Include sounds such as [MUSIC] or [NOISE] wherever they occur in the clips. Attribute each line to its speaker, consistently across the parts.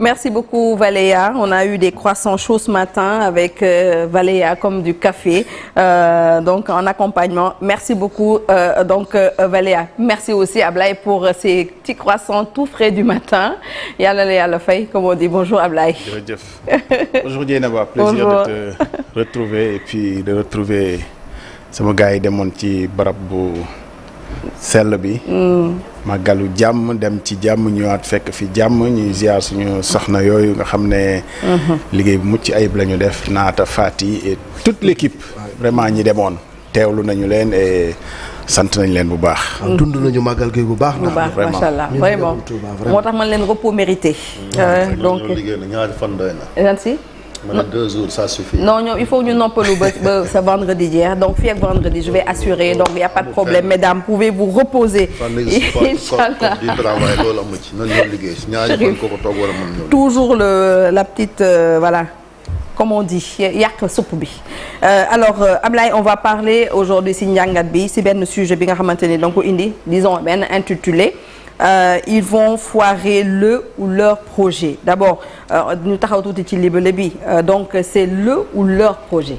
Speaker 1: Merci beaucoup Valéa. On a eu des croissants chauds ce matin avec euh, comme du café euh, donc en accompagnement. Merci beaucoup euh, donc euh, Valéa. Merci aussi Ablaye pour euh, ces petits croissants tout frais du matin. Yàlla na Yàlla fay comme on dit. Bonjour Ablaye.
Speaker 2: Jërëjëf. [LAUGHS] Bonjour Dieynaba. Plaisir de retrouver et de retrouver sama gars yi demoon ci barab bu sell bi mm. màggalu jàmm dem ci jàmm ñëwaat fekk fi jàmm ñuy ziar suñu soxna yooyu nga xam ne mm-hmm. liggéey bu mucc ayib lañu def naata Fati yi toute l'équipe vraiment ñi demoon teewlu nañu leen et sant nañ leen bu baax. Mm-hmm. dund nañu màggal gi bu baax. bu baax macha allah vraiment moo
Speaker 1: tax man leen ko pour mériter.
Speaker 2: Mm-hmm. Euh, donc ñaari fan doy na. man deux jours ça suffit.
Speaker 1: non il faut ñu noppalu ba ba sa vendredi jeex donc fii ak vendredi je vais assurer donc y' a pas de problème mesdames pouvez vous reposer. incha allah toujours la petite euh, voilà. comme on dit yàq supp bi euh, alors euh, Ablaye on va parler aujourd'hui si njàngat bi ci benn sujet bi nga xamante ni donc indi disons benn intitulé. euh, ils vont foirer le ou leur projet d'abord euh, ñu taxaw tuuti ci libellé bi euh, donc c'est le ou leur projet.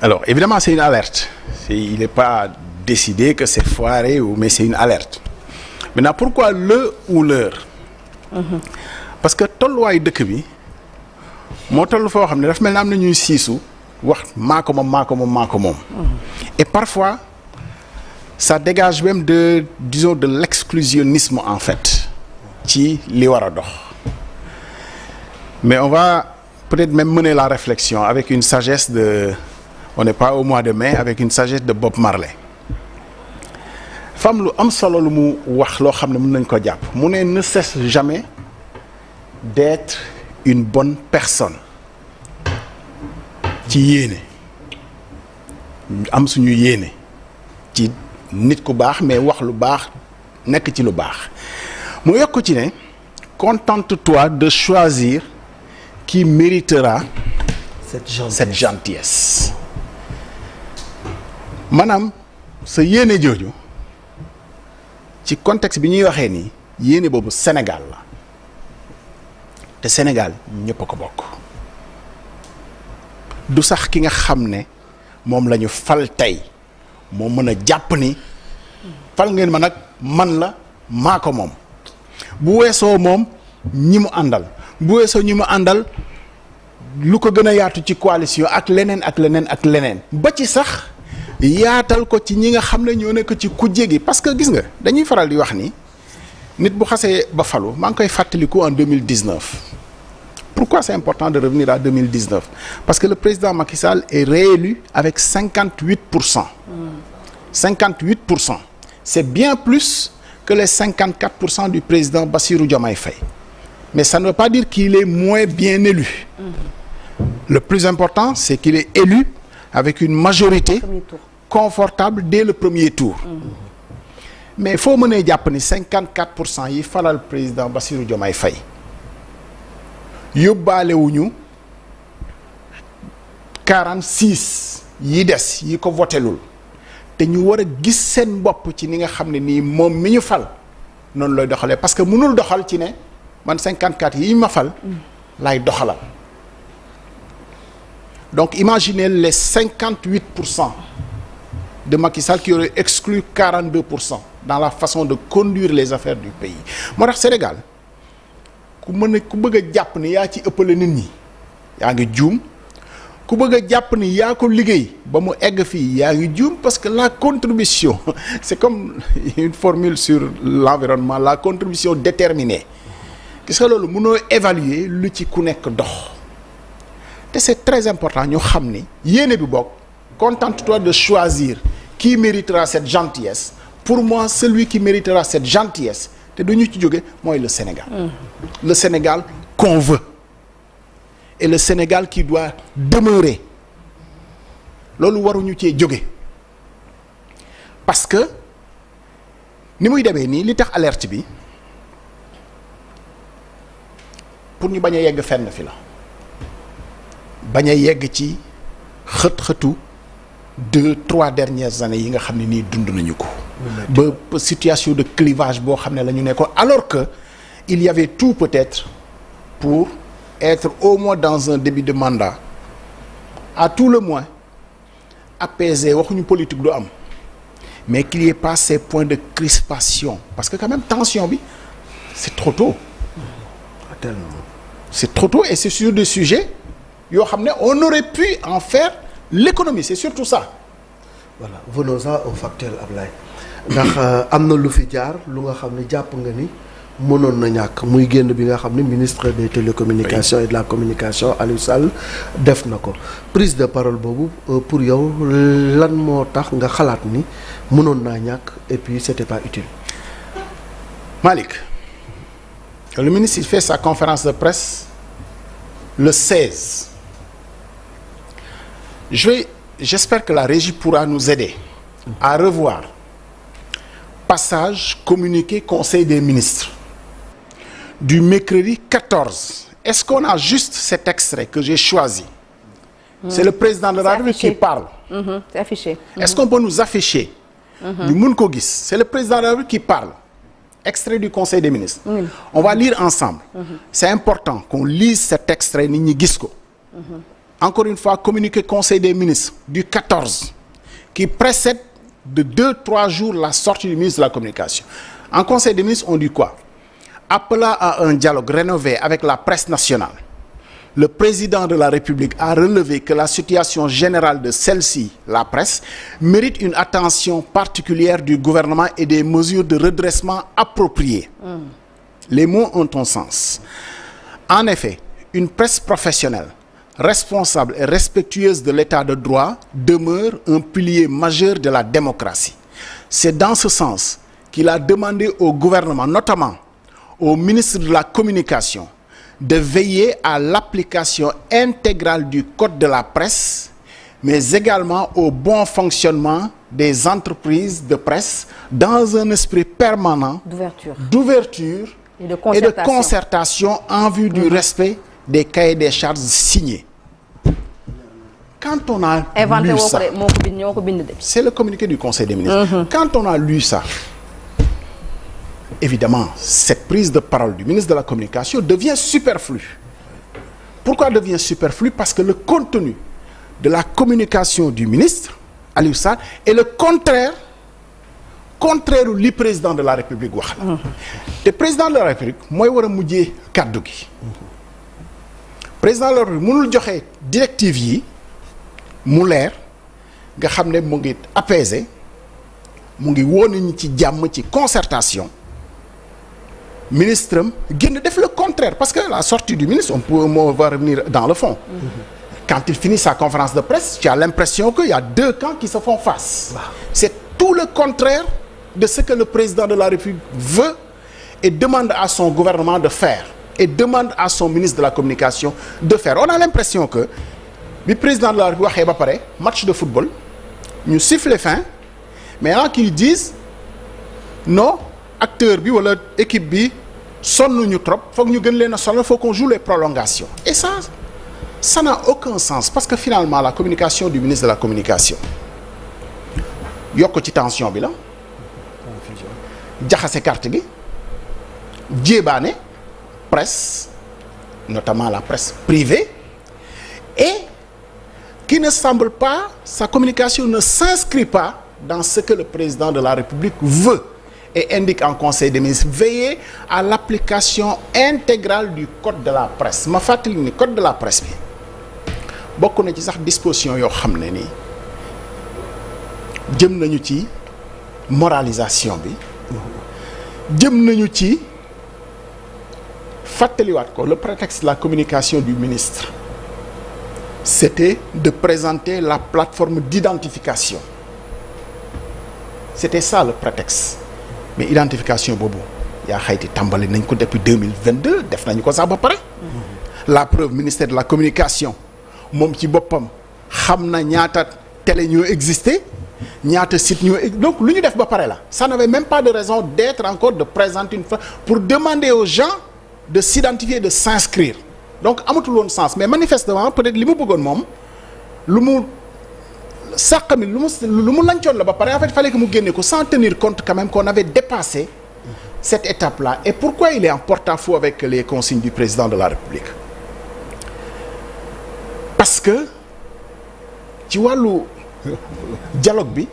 Speaker 2: alors évidemment c'est une alerte c'est, il n'est pas décidé que c'est foiré ou mais c'est une alerte maintenant pourquoi le ou leur. Mm-hmm. parce que tolluwaayu dëkk bi moo toll foo xam ne dafa mel ne am na ñuy siisu wax maa moom maa moom maa moom. Mm-hmm. et parfois. ça dégage même de disons de l'exclusionnisme en fait ci li war a dox mais on va peut-être même mener la réflexion avec une sagesse de on n'est pas au mois de mai avec une sagesse de Bob Marley femme lu am solo lu mu wax loo xam ne mën nañ ko jàpp mu ne ne cesse jamais d'être une bonne personne ci yéene am suñu yéene ci nit ku baax mais wax lu baax nekk ci lu baax mu yokk ci ne contente-toi de choisir qui méritera cette gentillesse cette gentillesse maanaam sa yéene jooju ci contexte bi ñuy waxee nii yéene boobu Sénégal la te Sénégal ñëpp a ko bokk du sax ki nga xam ne moom lañu fal tey moo mën a jàpp ni fal ngeen ma nag man la maa ko moom bu weesoo moom ñi mu àndal bu weesoo ñi mu àndal lu ko gën a yaatu ci coalition ak leneen ak leneen ak leneen ba ci sax yaatal ko ci ñi nga xam ne ñoo nekk ci kujje gi parce que gis nga dañuy faral di wax ni nit bu xasee ba falu maa ngi koy fàttaliku en 2019 pourquoi c'est important de revenir à 2019 parce que le président Macky Sall est réélu avec 58 pour cent. 58 pour cent c'est bien plus que les 54 pour cent du président Bassirou Diomaye Faye mais ça ne veut pas dire qu'il est moins bien élu mm-hmm. le plus important c'est qu'il est élu avec une majorité confortable dès le premier tour mm-hmm. mais foo mënee jàpp ni 54 pour cent yi falal président Bassirou Diomaye Faye yóbbaalewuñu 46 yi des yi ko votelul te ñu war a gis seen bopp ci ni nga xam ne nii moom mi ñu fal noonu lay doxalee parce que mënul doxal ci ne man 54 yi ma fal lay doxalal donc imaginez les 58 pour cent de Macky Sall qui aurait exclu 42 pour cent dans la façon de conduire les affaires du pays moo tax Sénégal ku mën a ku bëgg jàpp ni yaa ci ëppale nit ñi yaa ngi juum. ku bëgg jàpp ni yaa ko liggéey ba mu egg fii yaa ngi juum parce que la contribution [LAUGHS] c'est comme une formule sur l'environnement la contribution déterminée gis nga loolu mënoo évaluer lu ci ku nekk dox te c'est très important ñu xam ni yéene bi bokk contente-toi de choisir qui méritera cette gentillesse pour moi celui qui méritera cette gentillesse te du ñu ci jóge mooy le Sénégal. Mmh. Sénégal qu'on le Sénégal qui doit demeurer loolu waruñu cee jóge parce que ni muy demee nii li tax alerte bi pour ñu bañ a yegg fenn fi la bañ a yegg ci xët-xëtu deux trois dernières années yi nga xam ne nii dund nañu ko. ba situation de clivage boo xam ne lañu ne nekkoon alors que il y tout peut-être pour. être au moins dans un début de mandat à tout le moins apaiser waxuñu politique du am mais qu'il n'y ait pas ces points de crispation parce que quand même tension bi c'est trop tôt ah, c'est trop tôt et c'est sur des sujets yoo xam ne on aurait pu en faire l'économie c'est surtout ça voilà venons-en au facteur ndax euh, am na lu fi jaar lu nga xam ne jàpp nga ni mënoon na ñàkk
Speaker 3: muy génn bi nga xam ne ministre des télécommunications et de la communication Aliou def na ko prise de parole boobu euh, pour yow lan moo tax nga xalaat ni
Speaker 2: mënoon na ñàkk et puis c'était pas utile. Malick le ministre il fait sa conférence de presse le 16 je vais j'espère que la régie pourra nous aider à revoir passage communiqué conseil des ministres. du mercredi 14. Est-ce qu'on a juste cet extrait que j'ai choisi
Speaker 1: C'est le président
Speaker 2: de la République qui parle.
Speaker 1: Mmh. C'est Est-ce qu'on
Speaker 2: peut nous afficher
Speaker 1: mhm.
Speaker 4: ñu mun
Speaker 2: ko gis c'est le président de la République qui parle. Extrait du Conseil des ministres. On va lire ensemble. Mhm. C'est important qu'on lise cet extrait nit ñi gis ko. Mhm. Encore une fois, communiqué Conseil des ministres du 14 qui précède de deux trois jours la sortie du ministre de la Communication. En Conseil des ministres, on dit quoi? appelant à un dialogue rénové avec la presse nationale le président de la République a relevé que la situation générale de celle-ci, la presse, mérite une attention particulière du gouvernement et des mesures de redressement appropriées. Mmh. Les mots ont un sens. En effet, une presse professionnelle, responsable et respectueuse de l'état de droit demeure un pilier majeur de la démocratie. C'est dans ce sens qu'il a demandé au gouvernement, notamment au ministre de la Communication de veiller à l'application intégrale du Code de la presse, mais également au bon fonctionnement des entreprises de presse dans un esprit permanent d'ouverture et, et, de concertation en vue du mmh. respect des cahiers des charges signés. Quand on a Éventé lu ça, c'est le communiqué du Conseil des ministres. Mmh. Quand on a lu ça, évidemment, cette prise de parole du ministre de la Communication devient superflue. Pourquoi devient superflue Parce que le contenu de la communication du ministre, Aliou Sall, est le contraire, contraire li président de la République wax la te président de la République mooy war a mujjee kàddu gi. président de la République mënul joxe directive yi mu leer nga xam ne mu ngi apaisé mu ngi woo nañu ci jàmm ci concertation. ministre am génn def le contraire parce que la sortie du ministre on peut on va revenir dans le fond. Mmh. quand il finit sa conférence de presse tu as l'impression qu'il y a deux camps qui se font face. c'est tout le contraire de ce que le président de la République veut et demande à son gouvernement de faire et demande à son ministre de la communication de faire on a l'impression que bi président de la République waxee ba pare match de football ñu siffle fin mais en qu'ils disent non acteur bi wala équipe bi. sonn ñu trop foog ñu gën leen a sonal faut qu'on joue les prolongations et ça ça n'a aucun sens parce que finalement la communication du ministre de la communication yokk ci tension bi la jaxase carte gi jéebaane presse notamment la presse privée et qui ne semble pas sa communication ne s'inscrit pas dans ce que le président de la République veut et indique en conseil des ministres veiller à l'application intégrale du code de la presse ma fàttali ni code de la presse bi bokk na ci sax disposition yoo xam ne nii jëm nañu ci moralisation bi jëm nañu ci fàttaliwaat ko le prétexte la communication du ministre c'était de présenter la plateforme d'identification c'était ça le prétexte mais identification boobu yaa xayti tàmbali nañ ko depuis deux mille vingt deux def nañu ko sax ba pare. la preuve ministère de la communication moom ci boppam xam na ñaata télé ñoo existé ñaata site ñoo donc lu ñu def ba pare la ça n'avait même pas de raison d'être encore de présenter une fois pour demander aux gens de s'identifier de s'inscrire donc amatul woon sens mais manifestement peut-être li mu bëggoon moom lu mu. sàq mi lu mu lu mu lancoon la ba pare en fait fallait que mu génne ko sans tenir compte quand même qu'on avait dépassé cette étape-là et pourquoi il est en porte-à-faux avec les consignes du président de la République parce que ci wàllu dialogue bi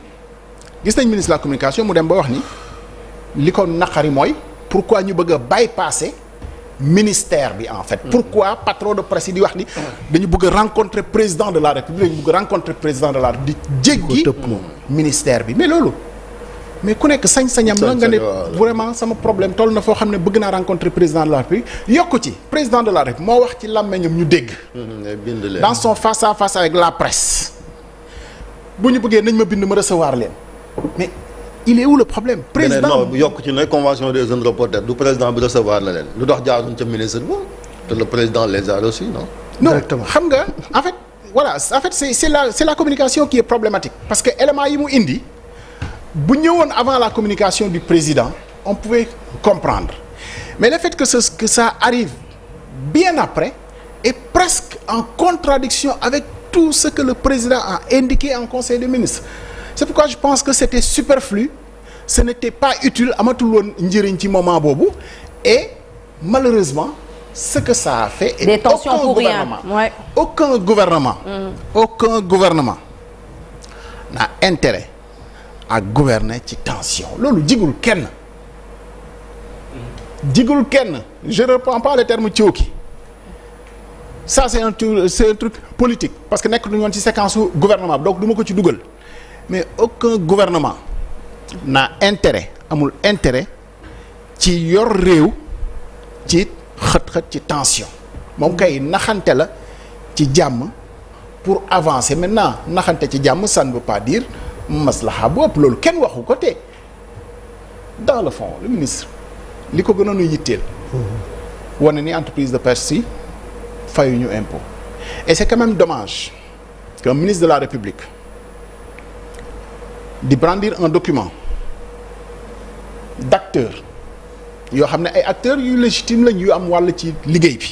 Speaker 2: gis nañ ministre de la communication mu dem ba wax ni li ko naqari mooy pourquoi ñu bëgg a passé ministère bi en fait. pourquoi patron de presse yi di wax ni. dañu bëgg a président de la république dañu bëgg a président de la république di jéggi ministère bi mais loolu. mais ku nekk sañ-sañam la nga ne vraiment sama problème toll na foo xam ne bëgg naa rencontrer président de la République yokk ci président de la République moo wax ci làmmeñam ñu dégg dans son face à face avec la presse bu ñu bëggee nañ ma bind ma recevoir leen il est où le problème. président yokk ci ne convention des jeunes reporters du président bi recevoir la leen lu tax jaaruñ ca ministre ba te le président les a reçus non. non xam nga en la communication qui est problématique. parce que élément yi mu indi bu ñëwoon avant la communication du président on pouvait comprendre mais le fait que ce que ça arrive bien après est presque en contradiction avec tout ce que le président a indiqué en conseil des ministres. c'est pourquoi je pense que c'était superflu ce n'était pas utile amatul woon njëriñ ci moment boobu et malheureusement ce que ça a fait et des tensions pour rien aucun gouvernement mmh. aucun gouvernement n'a intérêt à gouverner ci tension loolu jigul kenn jigul kenn je ne reprends pas le terme cooki ça c'est un, c'est un truc politique parce que nekk duñu woon ci séquence gouvernement bi donc du ma ko ci dugal mais aucun gouvernement n'a intérêt amul intérêt ci yor réew ci xët-xët ci tension moom kay naxante la ci jàmm pour avancer maintenant naxante ci jàmm san ne veut pas dire maslaha bu loolu kenn waxu ko te dans le fonds le ministre li ko gënoon nu yitteel. wane ni entreprise de pêche si fayuñu impôt et c'est quand même dommage qu'un ministre de la République di brandir un document d'acteur yoo xam ne ay acteurs yu légitime lañ yu am wàll ci liggéey bi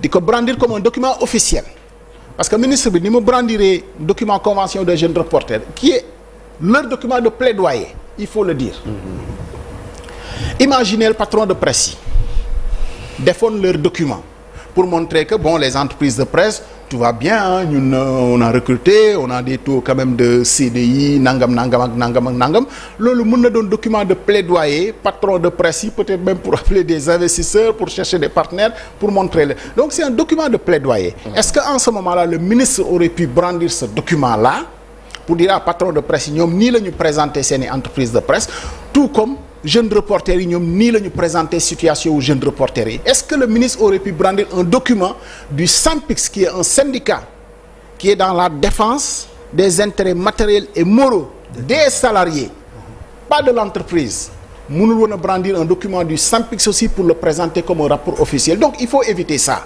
Speaker 2: di ko brandir comme un document officiel parce que ministre bi ni mu brandiree document convention des jeunes reporters qui est leur document de plaidoyer il faut le dire mmh. patron de presse yi defoon leur document pour montrer que bon les entreprises de presse tout va bien hein? ñun on a recruté on a des taux quand même de CDI nangam nangam ak nangam ak nangam loolu mun na doon document de plaidoyer patron de presse yi peut-être même pour [LAUGHS] appeler des investisseurs pour chercher des partenaires pour montrer le donc c'est un document de plaidoyer est-ce que en ce moment-là le ministre aurait pu brandir ce document-là pour dire à patron de presse yi ñoom nii la ñu présenter seeni entreprise de presse tout comme jeunes reporters yi ñoom nii la ñu présenter situation wu jeunes reporters yi est-ce que le ministre aurait pu brandir un document du SYNPICS qui est un syndicat qui est dans la défense des intérêts matériels et moraux des salariés pas de l'entreprise mënul woon a brandir un document du SYNPICS si pour le présenter comme un rapport officiel donc il faut éviter ça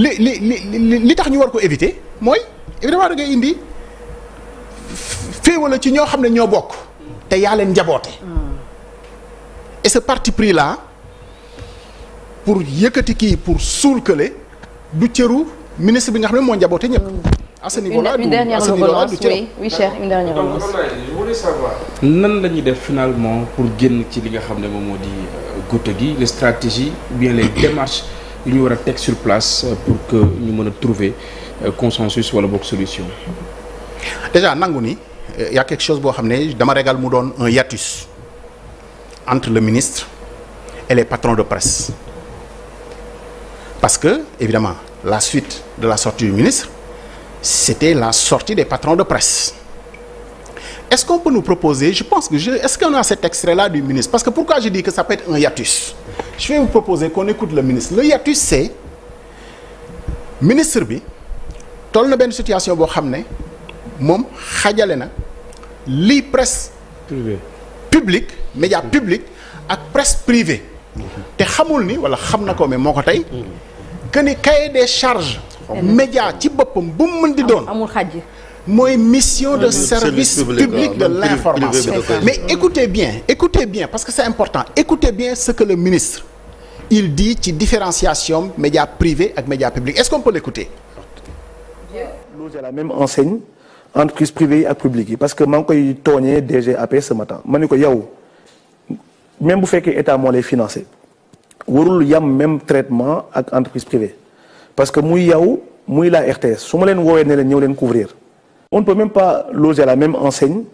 Speaker 2: li li li li tax ñu war ko éviter mooy évidemment da ngay indi féewala ci ñoo xam ne ñoo bokk ce parti pris là pour yëkkati kii pour suul kële du cëru ministre bi nga xam ne moo njaboote ñëpp. Mm.
Speaker 1: à ce niveau là du à ce niveau là
Speaker 2: nan la ñuy def finalement pour génn ci li nga xam ne moom moo di euh, goutte gi les stratégies ou bien les démarches [COUGHS] yu ñu war a teg sur place euh, pour que ñu mën a trouver euh, consensus wala boog solution. déjà nangu ni y a quelque chose boo xam ne dama régal mu doon un hiatus. entre le ministre et les patrons de presse parce que évidemment la suite de la sortie du ministre c'était la sortie des patrons de presse est-ce qu'on peut nous proposer je pense que je est-ce qu'on a cet extrait-là du ministre parce que pourquoi je dis que ça peut être un hiatus je vais vous proposer qu'on écoute le ministre le hiatus c'est ministre bi toll na benn situation boo xam ne moom xajale na li presse public média public ak presse privée te xamul ni wala xam na ko mais moo ko tey que ni cahier des charges média ci boppam bu mu mën di doon amul xaj mooy mission de service public de l'information mais écoutez bien écoutez bien parce que c'est important écoutez bien ce que le ministre il dit ci différenciation média privé ak média public est-ce qu'on peut l'écouter
Speaker 3: la même enseigne entreprise privée yi ak publique yi parce que maa koy tooñee DG AP ce matin ma ni ko yow même bu fekkee état moo lay warul yam même traitement ak entreprise privée parce que muy yow muy la RTS su ma leen woowee ne leen ñëw leen couvrir on ne peut même la même enseigne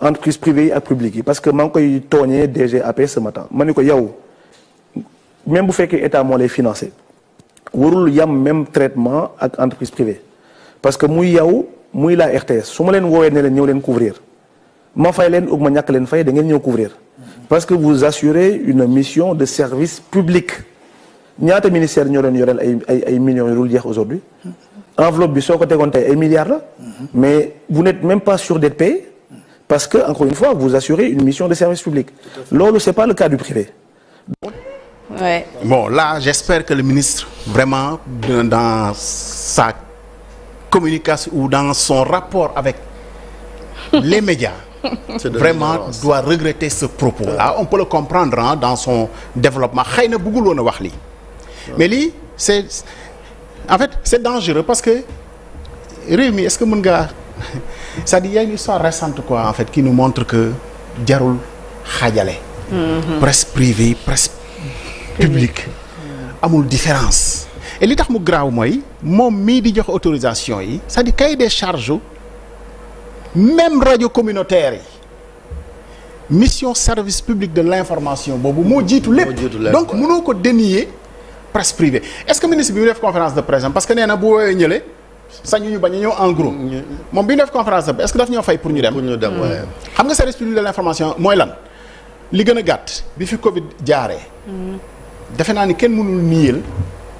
Speaker 3: entreprise privée yi ak publique yi parce que maa ngi koy tooñee DG AP ce matin ma ni ko yow même bu fekkee état moo lay financé warul yam même traitement ak entreprise privée parce que muy yow muy la RTS su ma leen woowee ne leen ñëw leen couvrir ma fay leen ou ma ñàkk leen fay da ngeen ñëw couvrir parce que vous assurez une mission de service public ñaata ministère ñoo leen yoreel ay ay ay millions yu dul jeex aujourd'hui enveloppe bi soo ko tegoon tey ay milliards la mais vous n'êtes même pas sûr d'être payé parce que encore une fois vous assurez une mission de service public loolu c'est pas le cas du privé bon là
Speaker 2: j'espère que le ministre vraiment dans sa communication ou dans son rapport avec les médias
Speaker 4: [LAUGHS] vraiment
Speaker 2: doit regretter ce propos là on peut le comprendre hein, dans son développement xëy na bëggul woon a wax lii mais lii c'est en fait c'est dangereux parce que réew mi est-ce que mën nga [LAUGHS] c'est-à-dire y a une en fait qui nous montre que jarul xaajale
Speaker 4: mhm. presse
Speaker 2: privée presse publique amul différence et li tax mu graaw mooy moom mii di jox autorisation yi c'est-à-dire cahier des charges même rajo communautaire yi mission service public de l'information boobu moo jiitu lépp donc mënoo ko dénier presse privée est-ce que ministre bi mu def conférence de presse parce que nee na bu woowee ñële sañu ñu bañ a ñëw en moom bi ñu def conférence de presse est-ce que ñoo fay pour ñu dem xam nga service public de l'information mooy lan li gën a gàtt bi fi Covid jaaree mm. defe naa ni kenn mënul niyeel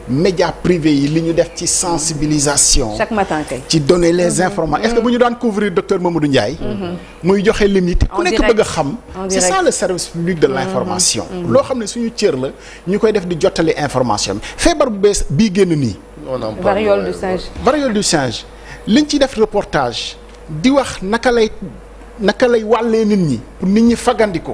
Speaker 2: média privé yi li ñu def ci sensibilisation. chaque matin ci donner les mm-hmm. informations. est-ce que mm-hmm. bu ñu daan couvrir docteur Mamadou Ndiaye. Mm-hmm. muy joxe limite ku nekk bëgg xam. c'est ça le service public de l'information. loo xam ne suñu cër la ñu koy def di jottali information feebar bu bees bii génn nii.
Speaker 3: variole du singe.
Speaker 2: variole du singe liñ ci def reportage di wax naka lay naka lay wàllee nit ñi pour nit ñi fagandiku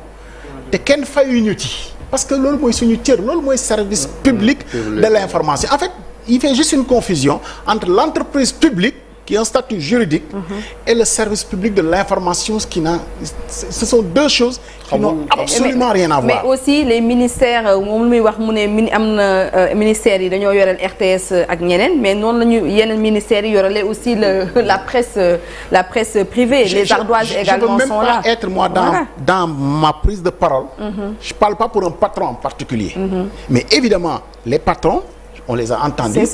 Speaker 2: te kenn fayuñu ci. parce que loolu mooy suñu cër loolu mooy service public de l'information en fait il fait juste une confusion entre l'entreprise publique qui a un statut juridique mm -hmm. et le service public de l'information qui n'a ce sont deux choses qui n'ont absolument mais, rien à voir mais
Speaker 1: aussi les ministères euh, moom lu muy wax mu ne mini am na euh, ministères yi dañoo yoreel RTS euh, ak ñeneen mais noonu la ñu yeneen ministères yi yorelee aussi le [LAUGHS] la presse la presse privée je, les ardoises également je sont là je veux même pas être moi dans voilà.
Speaker 2: dans ma prise de parole mm -hmm. je parle pas pour un patron en particulier mm -hmm. mais évidemment les patrons on les a entendus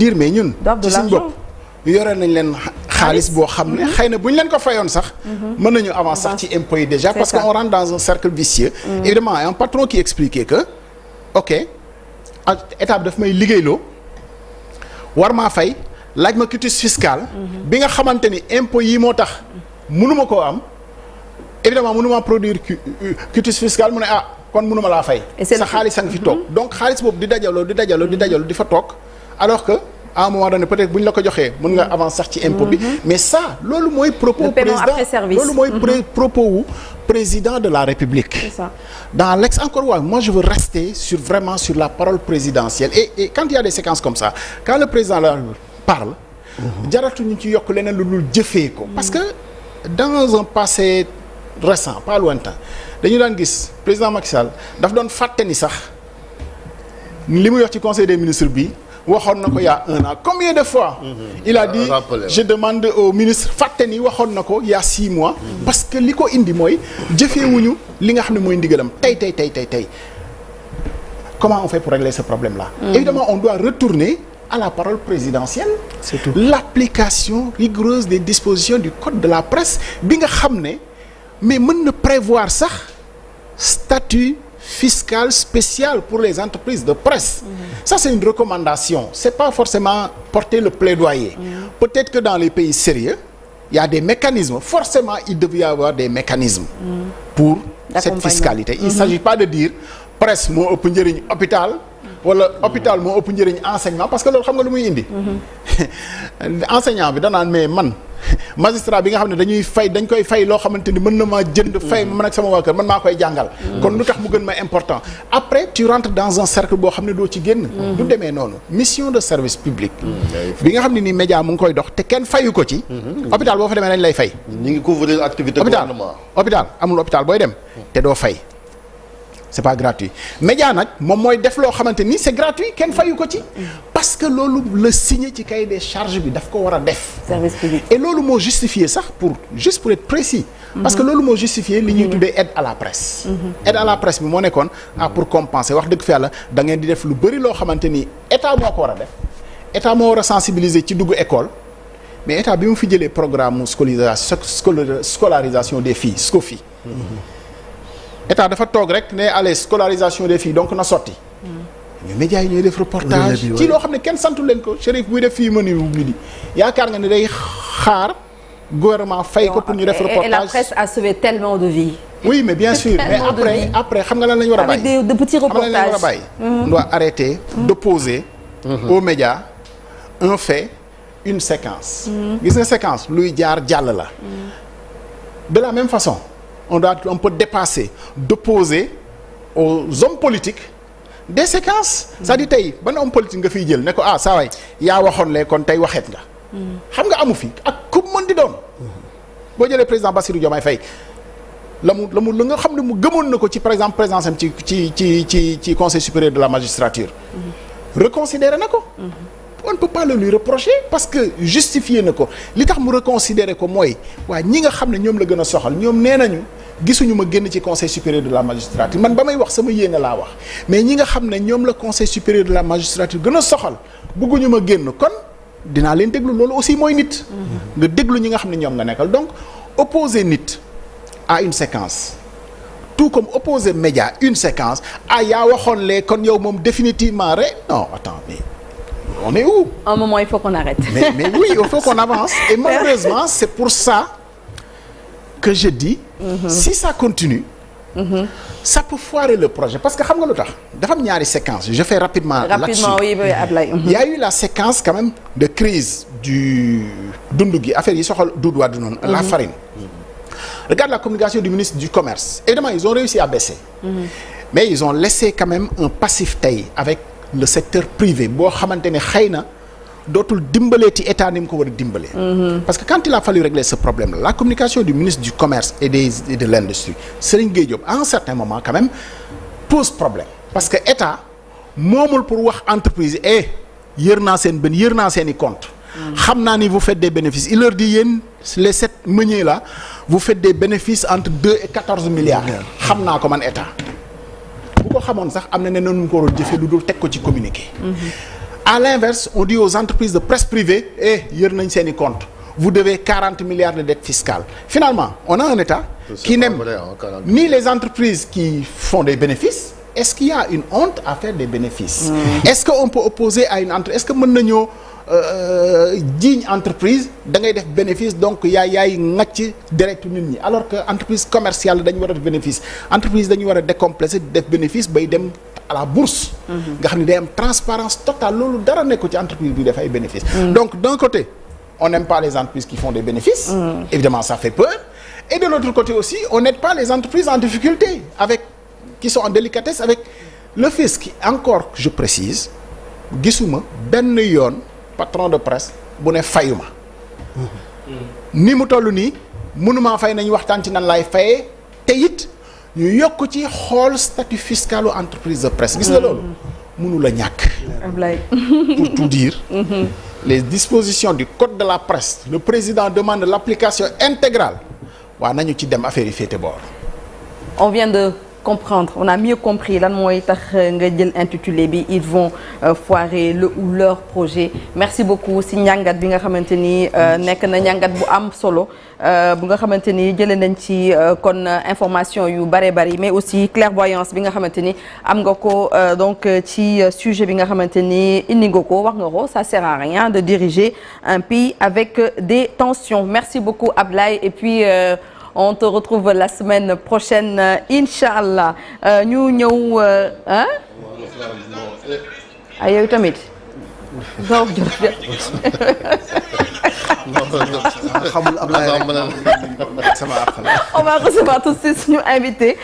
Speaker 2: dire mais ñun ci suñu bopp yore nañ leen xaalis boo xam ne xëy na bu ñu leen ko fayoon sax mm-hmm. mën nañu avant sax ci impôt yi déjà parce que on rentre dans un cercle vicieux mm-hmm. évidemment un patron qui expliquait que ok ah, état bi daf may liggéeyloo war maa fay laaj ma quitus fiscal mm-hmm. bi nga xamante ni impôt yi moo tax mënuma koo am évidemment mënuma produire euh, quitus fiscal mu ne ah kon mënuma laa fay sa xaalis a ngi fi toog donc xaalis boobu di dajaloo di dajaloo di dajaloo di fa toog alors à un moment peut-être bu ñu la ko joxee mën nga avance sax ci impôt bi mhm. mais ça loolu mooy propos président loolu mooy mhm. propos wu président de la République c'est dans l'ex encore waaw moi je veux rester sur vraiment sur la parole présidentielle et et quand il y a des séquences comme ça quand le président la parle mhm. jaratuñu ci yokk leneen lu dul jëfe ko parce que dans un passé récent pas lointain dañu daan gis président Macky daf doon fàtte ni sax li mu yox ci conseil des ministres bi waxoon na ko y' a un an combien de fois.
Speaker 4: Mm-hmm. il a dit je
Speaker 2: demande au ministre fàtte ni waxoon na ko y' a six mois. Mm-hmm. parce que li ko indi mooy. jëfeewuñu li nga xam ne mooy ndigalam tey tey tey tey tey. comment on fait pour régler ce problème la mm-hmm. évidemment on doit retourner. à la parole présidentielle. c'est tout l'application rigoureuse des dispositions du code de la presse bi nga xam ne mais mën na prévoir sax statut fiscale spéciale pour les entreprises de presse. Mmh. Ça, c'est une recommandation. C'est pas forcément porter le plaidoyer. Peut-être que dans les pays sérieux, il y a des mécanismes. Forcément, il devait y avoir des mécanismes pour cette fiscalité. Il ne mhm. s'agit pas de dire presse moo ëpp hôpital. wala hôpital moo ëpp njëriñ enseignement parce que loolu xam nga lu muy indi. Mm-hmm. enseignant bi danaan mais man magistrat bi nga xam ne dañuy fay dañ koy fay loo xamante ni mën na ma jënd. fay mm-hmm. man ak sama waa kër man maa koy jàngal. Mm-hmm. kon lu tax mu gën ma important. après tu rentres dans un cercle boo xam ne doo ci génn. du demee noonu mission de service public. bi nga xam ne nii média mu ngi koy dox te kenn fayu ko ci. hôpital boo fa demee dañ lay fay. ñu ngi couvrir activité gouvernement hôpital amul hôpital booy dem te doo fay. c'est pas gratuit média nag moom mooy def loo xamante ni c'est gratuit kenn fayu ko ci parce que loolu la signé ci cahier des charges bi daf ko war a def et loolu moo justifié sax pour juste pour être précis parce que loolu moo justifié li ñuy mm-hmm. tuddee aide à la presse mm-hmm. aide à la presse bi moo nekkoon ah pour compenser wax dëgg fi yàlla da di def lu bëri loo xamante ni état moo ko war a def état moo war a sensibiliser ci dugg école mais état bi mu fi jëlee programme scolarisation scolarisation des filles SCOFI
Speaker 4: mm-hmm.
Speaker 2: état dafa toog rek ne allez scolarisation des fii donc na sotti. Hmm. mais médias yi ñooy def reportage ci loo xam ne kenn santu leen ko Chérif buy def fii menu midi yaakaar nga ne day xaar gouvernement fay ko pour ñu def reportage et la
Speaker 1: presse a sauvé tellement de vies.
Speaker 2: oui mais bien [LAUGHS] sûr mais après après xam nga la ñu war a xam nga lan la ñu war a bàyyi. Hmm. on doit arrêter hmm. d'opposer aux médias un fait une séquence. gis nga séquence luy jaar jàll
Speaker 4: la.
Speaker 2: la même façon. on doit on peut dépassé d'opposer aux hommes politiques des séquences. c'est-à-dire tey ban homme politique nga fiy jël ne ko ah saa waay yaa waxoon lee kon tey waxeet nga. xam nga amu fi ak ku mën di doon. boo jëlee président Bassirou Diomaye Faye la mu la mu la nga xam ne mu gëmoon na ko ci par exemple présence am ci ci ci ci ci conseil supérieur de la magistrature.
Speaker 4: Mm-hmm.
Speaker 2: reconsidéré na ko. Mm-hmm. on ne peut pas le reprocher parce que justifié na ko li tax mu reconsidérer ko mooy waa ñi nga xam ne ñoom la gën a soxal ñoom nee nañu gisuñu ma génn ci conseil supérieur de la magistrature man ba may wax sama yéene laa wax mais ñi nga xam ne ñoom la conseil supérieur de la magistrature gën a soxal bëgguñu ma génn kon dinaa leen déglu loolu aussi mooy nit. nga déglu ñi nga xam ne ñoom nga nekkal donc opposer nit à une séquence. tout comme opposer média une séquence ah, yaa waxoon lee kon yow moom définitivement rek non attends mais on est où. un moment il faut mais oui il faut qu'on avance et [LAUGHS] malheureusement c'est pour ça que je dis. Mhm. si ça continue. Mm -hmm. ça peut foirer le projet parce que xam nga lu tax dafa am séquence je fais rapidement. rapidement oui oui Ablaye. eu la séquence quand de crise du dund gi affaire yi soxal du Wade la mhm. farine. regarde la communication du ministre du commerce évidemment ils ont réussi à baisser. Mhm. mais ils ont laissé quand même un passif tey avec. le secteur privé boo xamante ne xëy na dootul dimbalee ti état ni mu ko war a dimbalee. Mhm. parce que quand il a fallu régler ce problème la communication du ministre du commerce et des et de l'industrie Serigne Gueye un certain moment quand même problème parce que état moomul pour wax entreprise eh yër naa seen benn yër naa seen i compte mhm. xam naa ni vous feddee bénéfice bénéfices il leur dit yéen les sept meuniers là vous faites des bénéfices entre deux et quatorze milliards xam naa ko man état bu ko xamoon sax am na ne noonu ko waroon jëfee lu dul teg ko ci communiqué. Mhm. à l'inverse on dit aux entreprises de presse privée eh yër nañ seen i compte vous devez quarante milliards de dettes fiscales finalement on a un état qui ni les entreprises qui font des bénéfices est-ce qu'il y a une honte à faire des bénéfices mmh. est-ce qu'on peut opposer à une entreprise est-ce que mën nañoo euh, euh, jiiñ entreprise da ngay def bénéfice donc yaay yaay ŋàcc direct nit ñi alors que entreprise commerciale dañu war a def bénéfice entreprise dañu war a décomplexer di def bénéfice bay dem à la bourse mm-hmm. nga xam ne day am transparence totale loolu dara nekk ci entreprise bi def ay bénéfice mm. donc d'un côté on n'aime pas les entreprises qui font des bénéfices mmh. évidemment côté aussi on n'aide pas les entreprises qui sont en délicatesse avec le fisc encore je précise gisuma benn yoon patron de presse bu ne fayuma ni mu toll nii mënumaa fay nañu waxtaan ci nan laay fayee te it ñu yokk ci xool statut fiscalu entreprise de presse gis nga loolu mënu la ñàkk [LAUGHS] pour tout dire les dispositions du code de la presse le président demande l'application intégrale waa nañu ci dem affaire yi féete boor
Speaker 1: comprendre on a mieux compris lan mooy tax euh, nga jël intitulé bi ils vont euh, foirer le ou leur projet merci beaucoup si njàngat bi nga xamante ni euh, nekk na njàngat bu am solo bu nga xamante ni jëlee nañ ci kon information yu bare bari mais aussi clairvoyance bi nga xamante ni am nga ko donc ci sujet bi nga xamante ni indi nga ko wax nga ko ça sert à rien de diriger un pays avec des tensions merci beaucoup Ablaye et puis. on te retrouve la semaine prochaine euh, incha allah euh, ñu ñëw ah. ah yow tamit. doo jërëjëf.
Speaker 4: xamul Ablaye on va recevoir
Speaker 1: tout de suite suñu invité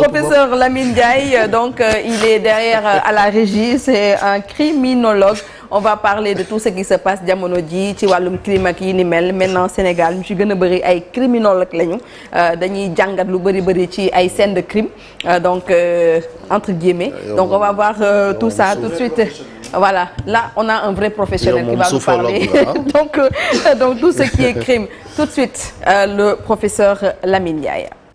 Speaker 1: professeur Lamine Ndiaye donc il est derrière à la régie c'est un criminologue. on va parler de tout ce qui se passe jamono ji ci wàllum climat yi ni mel maintenant Sénégal ñu ci gën a bëri ay criminologue lañu euh, dañuy jàngat lu bëri bëri ci ay scène de crime euh, donc euh, entre guillemets donc on va voir tout ça tout de suite voilà là on a un vrai professionnel qui va nous parler [LAUGHS] donc [LAUGHS] donc tout ce qui est crime tout de suite le professeur Lamine Yaya